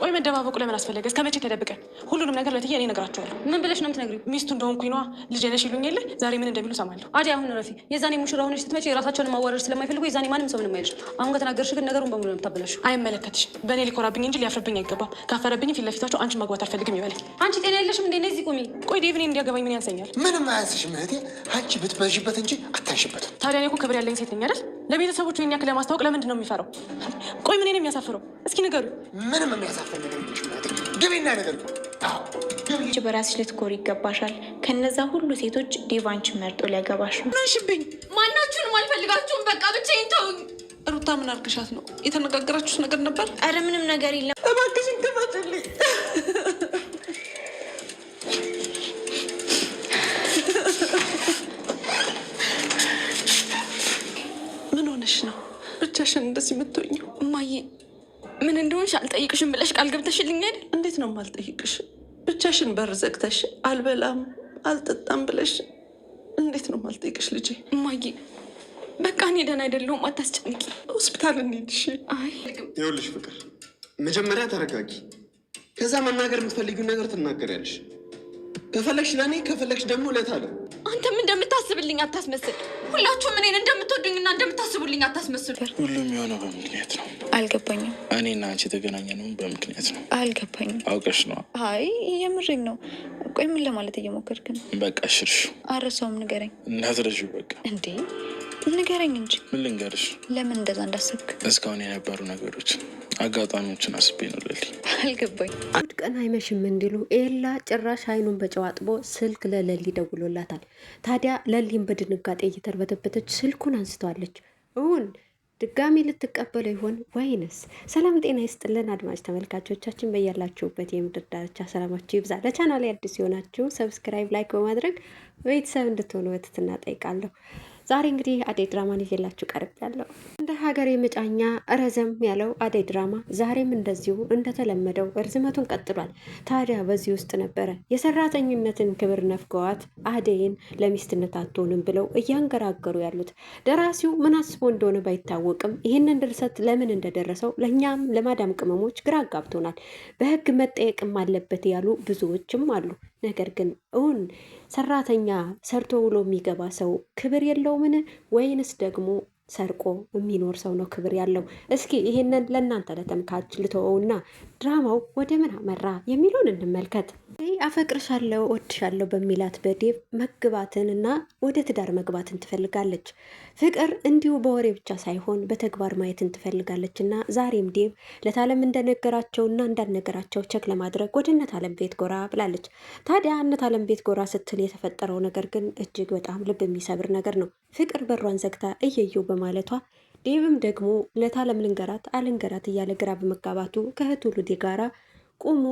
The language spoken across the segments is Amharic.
ቆይ መደባበቁ ለምን አስፈለገ? እስከ መቼ ተደብቀን? ሁሉንም ነገር ለትዬ እኔ እነግራቸዋለሁ። ምን ብለሽ ነው የምትነግሪው? ሚስቱ እንደሆንኩኝ ነዋ። ልጄ ነሽ ይሉኝ የለ ዛሬ ምን እንደሚሉ እሰማለሁ። አዲ አሁን ረፊ የዛኔ ሙሽራ ሆነሽ ስትመጪ የራሳቸውን ማዋረድ ስለማይፈልጉ የዛኔ ማንም ሰው ምንም አይልሽ። አሁን ከተናገርሽ ግን ነገሩን በሙሉ ነው የምታበላሽው። አይመለከትሽም። በእኔ ሊኮራብኝ እንጂ ሊያፍርብኝ አይገባም። ካፈረብኝ ፊት ለፊታቸው አንቺን ማግባት አልፈልግም ይበለኝ። አንቺ ጤና የለሽም እንዴ? እነዚህ ቁሚ። ቆይ ዴቭኔ እንዲያገባኝ ምን ያንሰኛል? ምንም አያንስሽም እህቴ። አንቺ ብትበዥበት እንጂ አታንሽበትም። ታዲያ እኔ እኮ ክብር ያለኝ ሴት ነኝ አይደል? ለቤተሰቦቹ ይህን ያክል ለማስታወቅ ለምንድን ነው የሚፈራው? ቆይ ምን ነው የሚያሳፍረው? እስኪ ንገሩ። ምንም የሚያሳፍር ነገር ግቤና ነገር አንቺ በራስሽ ልትኮር ይገባሻል። ከነዛ ሁሉ ሴቶች ዲቫንች መርጦ ሊያገባሽ ነው። ሽብኝ ማናችሁንም አልፈልጋችሁም። በቃ ብቻዬን ተውኝ። ሩታ ምን አርግሻት ነው? የተነጋገራችሁት ነገር ነበር? አረ ምንም ነገር የለም። ምን እንደሆንሽ አልጠይቅሽም ብለሽ ቃል ገብተሽልኛል። እንዴት ነው ማልጠይቅሽ? ብቻሽን በር ዘግተሽ አልበላም አልጠጣም ብለሽ እንዴት ነው ማልጠይቅሽ? ልጄ እማዬ፣ በቃ እኔ ደህና አይደለሁም፣ አታስጨንቂ። ሆስፒታል እንሄድሽ። አይ ይኸውልሽ ፍቅር፣ መጀመሪያ ተረጋጊ፣ ከዛ መናገር የምትፈልጊውን ነገር ትናገሪያለሽ። ከፈለግሽ ለእኔ ከፈለግሽ ደግሞ ለታለ አንተም እንደምታስብልኝ አታስመስል። ሁላችሁም እኔን እንደምትወዱኝና እንደምታስቡልኝ አታስመስሉ። ሁሉም የሆነው በምክንያት ነው። አልገባኝም። እኔና አንቺ የተገናኘ ነው በምክንያት ነው። አልገባኝም። አውቀሽ ነው? አይ የምሬን ነው። ቆይ ምን ለማለት እየሞከርክ ነው? በቃ ሽርሹ አረሰውም ንገረኝ። እናትረሹ በቃ እንዴ ንገረኝ እንጂ ምን ልንገርሽ? ለምን እንደዛ እንዳሰብክ እስካሁን የነበሩ ነገሮች አጋጣሚዎችን አስቤ ነው ልል አልገባኝ እሑድ ቀን አይመሽም እንዲሉ ኤላ ጭራሽ አይኑን በጨዋጥቦ ስልክ ለለሊ ደውሎላታል። ታዲያ ለሊን በድንጋጤ እየተርበተበተች ስልኩን አንስተዋለች። እውን ድጋሚ ልትቀበለው ይሆን ወይንስ? ሰላም ጤና ይስጥልን አድማጭ ተመልካቾቻችን በያላችሁበት የምድር ዳርቻ ሰላማችሁ ይብዛ። ለቻናል አዲስ የሆናችሁ ሰብስክራይብ፣ ላይክ በማድረግ ቤተሰብ እንድትሆኑ በትህትና እጠይቃለሁ። ዛሬ እንግዲህ አደይ ድራማን ይዤላችሁ ቀርብ ያለው እንደ ሀገር የመጫኛ ረዘም ያለው አደይ ድራማ ዛሬም እንደዚሁ እንደተለመደው እርዝመቱን ቀጥሏል። ታዲያ በዚህ ውስጥ ነበረ የሰራተኝነትን ክብር ነፍገዋት አደይን ለሚስትነት አትሆንም ብለው እያንገራገሩ ያሉት። ደራሲው ምን አስቦ እንደሆነ ባይታወቅም ይህንን ድርሰት ለምን እንደደረሰው ለእኛም ለማዳም ቅመሞች ግራ አጋብቶናል። በህግ መጠየቅም አለበት ያሉ ብዙዎችም አሉ። ነገር ግን እውን ሰራተኛ ሰርቶ ውሎ የሚገባ ሰው ክብር የለውምን? ወይንስ ደግሞ ሰርቆ የሚኖር ሰው ነው ክብር ያለው? እስኪ ይሄንን ለእናንተ ለተመልካች ልተወውና ድራማው ወደ ምን አመራ የሚለውን እንመልከት። አፈቅርሻለሁ፣ እወድሻለሁ በሚላት በዴቭ መግባትን እና ወደ ትዳር መግባትን ትፈልጋለች። ፍቅር እንዲሁ በወሬ ብቻ ሳይሆን በተግባር ማየትን ትፈልጋለች እና ዛሬም ዴቭ ለታለም እንደነገራቸውና እንዳልነገራቸው ቸክ ለማድረግ ወደ እነታለም ቤት ጎራ ብላለች። ታዲያ እነታለም ቤት ጎራ ስትል የተፈጠረው ነገር ግን እጅግ በጣም ልብ የሚሰብር ነገር ነው። ፍቅር በሯን ዘግታ እየየው በማለቷ ዴቭም ደግሞ ለታ ለምልንገራት አልንገራት እያለ ግራ በመጋባቱ ከእህቱ ሉዴ ጋራ ቆሞ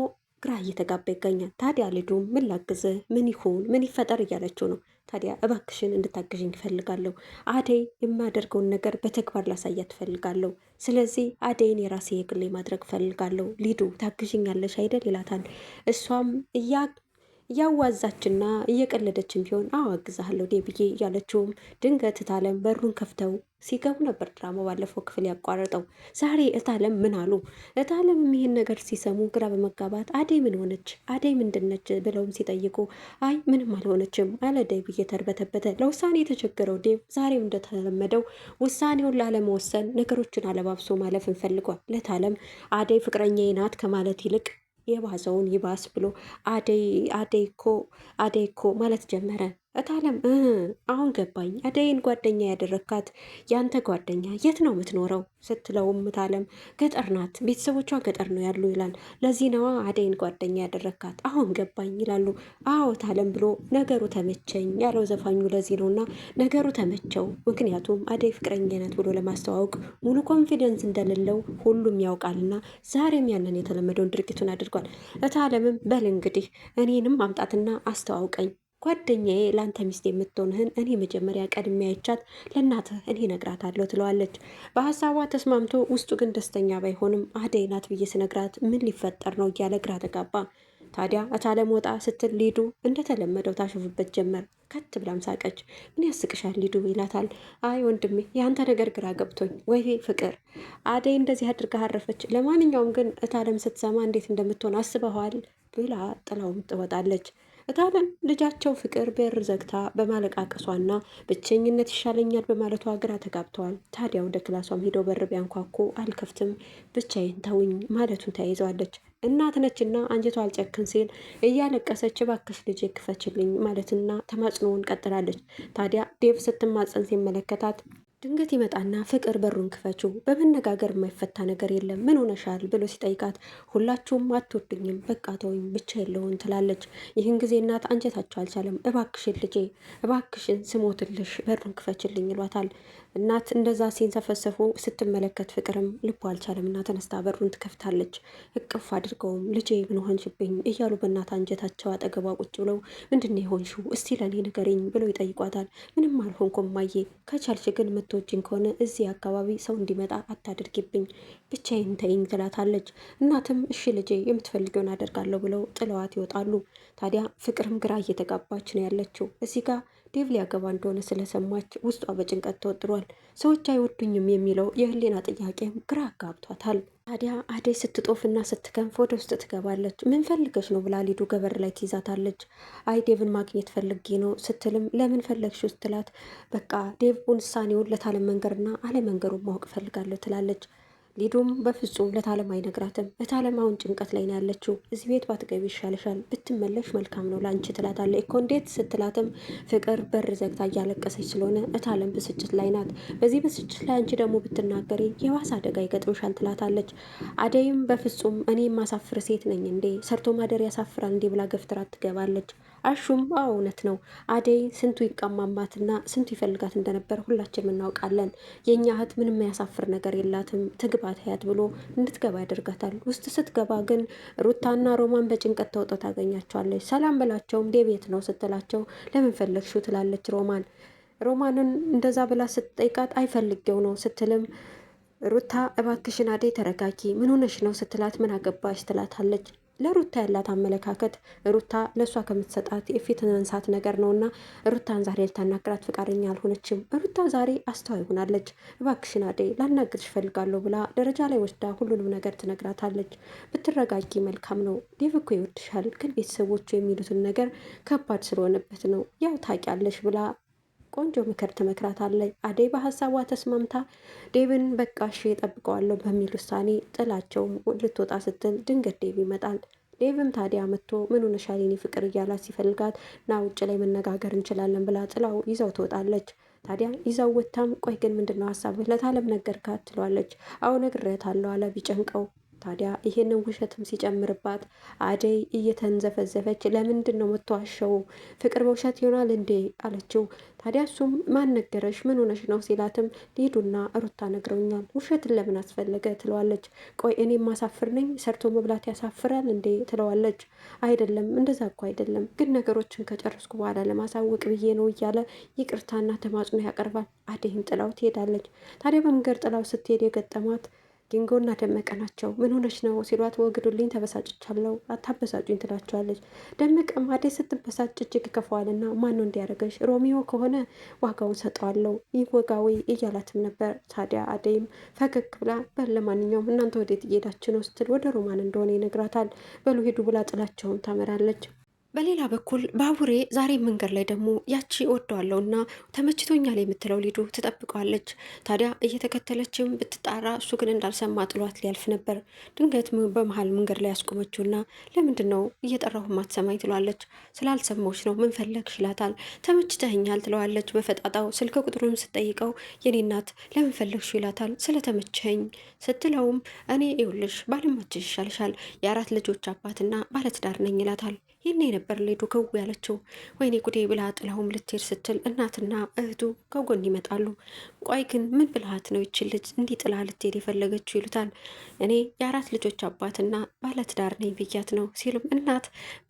ግራ እየተጋባ ይገኛል። ታዲያ ልጁም ምን ላግዝህ፣ ምን ይሁን፣ ምን ይፈጠር እያለችው ነው። ታዲያ እባክሽን እንድታግዥኝ ይፈልጋለሁ። አደይ የማደርገውን ነገር በተግባር ላሳያት እፈልጋለሁ። ስለዚህ አደይን የራሴ የግሌ ማድረግ እፈልጋለሁ። ሊዱ ታግዥኛለሽ አይደል ይላታል። እሷም እያ እያዋዛችና እየቀለደችን ቢሆን አዋግዛለሁ አግዛሃለሁ ብዬ እያለችውም ድንገት እታለም በሩን ከፍተው ሲገቡ ነበር ድራማ ባለፈው ክፍል ያቋረጠው። ዛሬ እታለም ምን አሉ? እታለምም ይህን ነገር ሲሰሙ ግራ በመጋባት አደይ ምን ሆነች፣ አደይ ምንድነች ብለውም ሲጠይቁ አይ ምንም አልሆነችም አለ ዴቭ ተርበተበተ። ለውሳኔ የተቸገረው ዴቭ ዛሬም እንደተለመደው ውሳኔውን ላለመወሰን ነገሮችን አለባብሶ ማለፍን ፈልጓል። ለታለም አደይ ፍቅረኛ ናት ከማለት ይልቅ የባሰውን ይባስ ብሎ አደይ አደይ እኮ አደይ እኮ ማለት ጀመረ። እታለም አሁን ገባኝ። አደይን ጓደኛ ያደረግካት ያንተ ጓደኛ የት ነው የምትኖረው ስትለውም እታለም ገጠር ናት፣ ቤተሰቦቿ ገጠር ነው ያሉ ይላል። ለዚህ ነዋ አደይን ጓደኛ ያደረግካት አሁን ገባኝ ይላሉ። አዎ እታለም ብሎ ነገሩ ተመቸኝ ያለው ዘፋኙ ለዚህ ነው እና ነገሩ ተመቸው። ምክንያቱም አደይ ፍቅረኛ ናት ብሎ ለማስተዋወቅ ሙሉ ኮንፊደንስ እንደሌለው ሁሉም ያውቃልና ዛሬም ያንን የተለመደውን ድርጊቱን አድርጓል። እታለምም በል እንግዲህ እኔንም ማምጣትና አስተዋውቀኝ ጓደኛዬ ለአንተ ሚስት የምትሆንህን እኔ መጀመሪያ ቀድሜ አይቻት ለእናትህ እኔ አለው ትለዋለች። በሀሳቧ ተስማምቶ ውስጡ ግን ደስተኛ ባይሆንም አደይ ናት ብዬ ስነግራት ምን ሊፈጠር ነው እያለ ግራ ተጋባ። ታዲያ እታለም ወጣ ስትል ሊዱ እንደተለመደው ታሾፍበት ጀመር። ከት ብላም ሳቀች። ምን ያስቅሻል ሊዱ ይላታል። አይ ወንድሜ የአንተ ነገር ግራ ገብቶኝ፣ ወይ ፍቅር አደይ እንደዚህ አድርጋ አረፈች። ለማንኛውም ግን እታለም ስትሰማ እንዴት እንደምትሆን አስበኋል? ብላ ጥላውም ትወጣለች። እታለም ልጃቸው ፍቅር በር ዘግታ በማለቃቀሷና ብቸኝነት ይሻለኛል በማለቷ ግራ ተጋብተዋል። ታዲያ ወደ ክላሷም ሄደው በር ቢያንኳኩ አልከፍትም ብቻዬን ተውኝ ማለቱን ተያይዘዋለች። እናት ነችና አንጀቷ አልጨክን ሲል እያለቀሰች እባክሽ ልጅ ክፈችልኝ ማለትና ተማጽኖውን ቀጥላለች። ታዲያ ዴቭ ስትማጸን ሲመለከታት ድንገት ይመጣና ፍቅር በሩን ክፈችው፣ በመነጋገር የማይፈታ ነገር የለም ምን ሆነሻል ብሎ ሲጠይቃት ሁላችሁም አትወዱኝም፣ በቃ ተወኝ፣ ብቻ የለውን ትላለች። ይህን ጊዜ እናት አንጀታቸው አልቻለም። እባክሽን ልጄ፣ እባክሽን ስሞትልሽ በሩን ክፈችልኝ ይሏታል። እናት እንደዛ ሲንሰፈሰፉ ስትመለከት ፍቅርም ልቡ አልቻለም እና ተነስታ በሩን ትከፍታለች። እቅፍ አድርገውም ልጄ ምን ሆንሽብኝ እያሉ በእናት አንጀታቸው አጠገቧ ቁጭ ብለው ምንድን የሆንሽው እስቲ ለእኔ ንገሪኝ ብለው ይጠይቋታል። ምንም አልሆንኩም እማዬ፣ ከቻልሽ ግን ምትወጂኝ ከሆነ እዚህ አካባቢ ሰው እንዲመጣ አታድርጊብኝ፣ ብቻዬን ተይኝ ትላታለች። እናትም እሺ ልጄ የምትፈልጊውን አደርጋለሁ ብለው ጥለዋት ይወጣሉ። ታዲያ ፍቅርም ግራ እየተጋባች ነው ያለችው እዚህ ጋር ዴቭ ሊያገባ እንደሆነ ስለሰማች ውስጧ በጭንቀት ተወጥሯል። ሰዎች አይወዱኝም የሚለው የህሊና ጥያቄም ግራ አጋብቷታል። ታዲያ አደይ ስትጦፍና ስትከንፍ ወደ ውስጥ ትገባለች። ምን ፈልገሽ ነው ብላ ሊዱ ገበር ላይ ትይዛታለች። አይ ዴቭን ማግኘት ፈልጌ ነው ስትልም ለምን ፈለግሽው ስትላት በቃ ዴቭ ውሳኔውን ለታለም መንገርና አለመንገሩን ማወቅ ፈልጋለሁ ትላለች። ሊዱም በፍጹም ለታለም አይነግራትም። ለታለም አሁን ጭንቀት ላይ ነው ያለችው። እዚህ ቤት ባትገቢ ይሻልሻል፣ ብትመለሽ መልካም ነው ለአንቺ ትላታለች እኮ እንዴት ስትላትም ፍቅር በር ዘግታ እያለቀሰች ስለሆነ እታለም ብስጭት ላይ ናት። በዚህ ብስጭት ላይ አንቺ ደግሞ ብትናገሪ የባሰ አደጋ ይገጥምሻል ትላታለች። አደይም በፍጹም እኔ የማሳፍር ሴት ነኝ እንዴ ሰርቶ ማደር ያሳፍራል እንዴ ብላ ገፍትራት ትገባለች። አሹም አዎ እውነት ነው አደይ ስንቱ ይቀማማትና ስንቱ ይፈልጋት እንደነበር ሁላችንም እናውቃለን። የእኛ እህት ምንም ያሳፍር ነገር የላትም ትግባት ያት ብሎ እንድትገባ ያደርጋታል። ውስጥ ስትገባ ግን ሩታና ሮማን በጭንቀት ተውጠው ታገኛቸዋለች። ሰላም ብላቸውም ዴቤት ነው ስትላቸው ለምን ፈለግሽው ትላለች ሮማን ሮማንን እንደዛ ብላ ስትጠይቃት አይፈልጌው ነው ስትልም ሩታ እባክሽን አደይ ተረጋጊ፣ ምን ሆነሽ ነው ስትላት ምን አገባሽ ትላታለች። ለሩታ ያላት አመለካከት ሩታ ለእሷ ከምትሰጣት የፊት መንሳት ነገር ነው እና ሩታን ዛሬ ልታናግራት ፍቃደኛ አልሆነችም። ሩታ ዛሬ አስተዋይ ሆናለች። እባክሽን አደይ ላናግርሽ እፈልጋለሁ ብላ ደረጃ ላይ ወስዳ ሁሉንም ነገር ትነግራታለች። ብትረጋጊ መልካም ነው፣ ዴቭ እኮ ይወድሻል፣ ግን ቤተሰቦቹ የሚሉትን ነገር ከባድ ስለሆነበት ነው ያው ታውቂያለሽ ብላ ቆንጆ ምክር ትመክራታለች። አደይ በሀሳቧ ተስማምታ ዴብን በቃ እሺ እጠብቀዋለሁ በሚል ውሳኔ ጥላቸው ልትወጣ ስትል ድንገት ዴብ ይመጣል። ዴብም ታዲያ መጥቶ ምን ሆነሻል የኔ ፍቅር እያላት ሲፈልጋት ና ውጭ ላይ መነጋገር እንችላለን ብላ ጥላው ይዘው ትወጣለች። ታዲያ ይዘው ወታም ቆይ ግን ምንድነው ሀሳብህ ለታለም ነገርካት? ትለዋለች። አዎ ነግሬያታለሁ አለ ቢጨንቀው ታዲያ ይህንን ውሸትም ሲጨምርባት አደይ እየተንዘፈዘፈች ለምንድን ነው የምትዋሸው? ፍቅር በውሸት ይሆናል እንዴ አለችው። ታዲያ እሱም ማን ነገረሽ? ምን ሆነሽ ነው ሲላትም ሊዱና ሩታ ነግረውኛል፣ ውሸትን ለምን አስፈለገ ትለዋለች። ቆይ እኔ ማሳፍር ነኝ? ሰርቶ መብላት ያሳፍራል እንዴ ትለዋለች። አይደለም እንደዛ እኮ አይደለም፣ ግን ነገሮችን ከጨረስኩ በኋላ ለማሳወቅ ብዬ ነው እያለ ይቅርታና ተማጽኖ ያቀርባል። አደይን ጥላው ትሄዳለች። ታዲያ በመንገድ ጥላው ስትሄድ የገጠማት ዲንጎና ደመቀ ናቸው። ምን ሆነች ነው ሲሏት ወግዱልኝ ተበሳጭቻለሁ፣ አታበሳጩኝ ትላቸዋለች። ደመቀም አደይ ስትበሳጭ እጅግ ይከፋዋልና ማን ነው እንዲያደርገሽ? ሮሚዮ ከሆነ ዋጋውን ሰጠዋለሁ፣ ይህ ወጋዊ እያላትም ነበር። ታዲያ አደይም ፈገግ ብላ በል ለማንኛውም እናንተ ወዴት እየሄዳችን ነው ስትል ወደ ሮማን እንደሆነ ይነግራታል። በሉ ሂዱ ብላ ጥላቸውን ታመራለች። በሌላ በኩል ባቡሬ ዛሬ መንገድ ላይ ደግሞ ያቺ ወደዋለው እና ተመችቶኛል የምትለው ሊዱ ትጠብቀዋለች። ታዲያ እየተከተለችም ብትጣራ እሱ ግን እንዳልሰማ ጥሏት ሊያልፍ ነበር። ድንገት በመሀል መንገድ ላይ ያስቆመችውና ለምንድን ነው እየጠራሁ ማትሰማኝ ትሏለች? ስላልሰማዎች ነው ምን ፈለግሽ ይላታል። ተመችተኸኛል ትለዋለች። በፈጣጣው ስልክ ቁጥሩን ስትጠይቀው የኔ እናት ለምን ፈለግሽ ይላታል። ስትለውም እኔ ይውልሽ ባልማችሽ ይሻልሻል የአራት ልጆች አባትና ባለትዳር ነኝ ይላታል። ይህኔ ነበር ሌዱ ክው ያለችው። ወይኔ ጉዴ ብላ ጥላሁም ልትሄድ ስትል እናትና እህቱ ከጎን ይመጣሉ። ቆይ ግን ምን ብልሃት ነው ይችን ልጅ እንዲህ ጥላ ልትሄድ የፈለገችው ይሉታል። እኔ የአራት ልጆች አባትና ባለትዳር ነኝ ብያት ነው ሲሉም እናት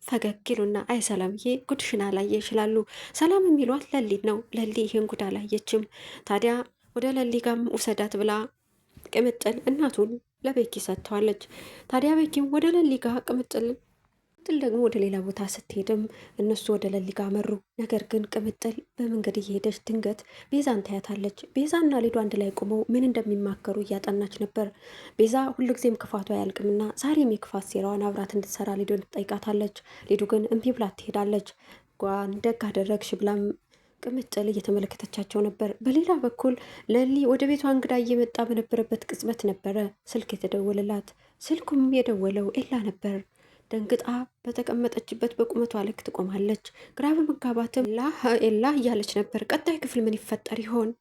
ፈገግ ይሉና አይ ሰላምዬ ጉድሽን አላየ ይችላሉ። ሰላም የሚሏት ለሊት ነው። ለሊ ይህን ጉድ አላየችም። ታዲያ ወደ ለሊ ጋም ውሰዳት ብላ ቅምጥል እናቱን ለቤኪ ሰጥተዋለች። ታዲያ ቤኪም ወደ ለሊ ጋ ቅምጥል ቅምጥል ደግሞ ወደ ሌላ ቦታ ስትሄድም እነሱ ወደ ለሊጋ መሩ። ነገር ግን ቅምጥል በመንገድ እየሄደች ድንገት ቤዛን ታያታለች። ቤዛና ሌዶ አንድ ላይ ቆመው ምን እንደሚማከሩ እያጠናች ነበር። ቤዛ ሁልጊዜም ክፋቱ አያልቅምና ዛሬም የክፋት ሴራዋን አብራት እንድትሰራ ሌዶ ትጠይቃታለች። ሌዱ ግን እምቢ ብላ ትሄዳለች። ጓን ደግ አደረግሽ ብላም ቅምጥል እየተመለከተቻቸው ነበር። በሌላ በኩል ለሊ ወደ ቤቷ እንግዳ እየመጣ በነበረበት ቅጽበት ነበረ ስልክ የተደወለላት። ስልኩም የደወለው ኤላ ነበር። ደንግጣ በተቀመጠችበት በቁመቷ ልክ ትቆማለች። ግራ በመጋባትም ኤላ ኤላ እያለች ነበር። ቀጣይ ክፍል ምን ይፈጠር ይሆን?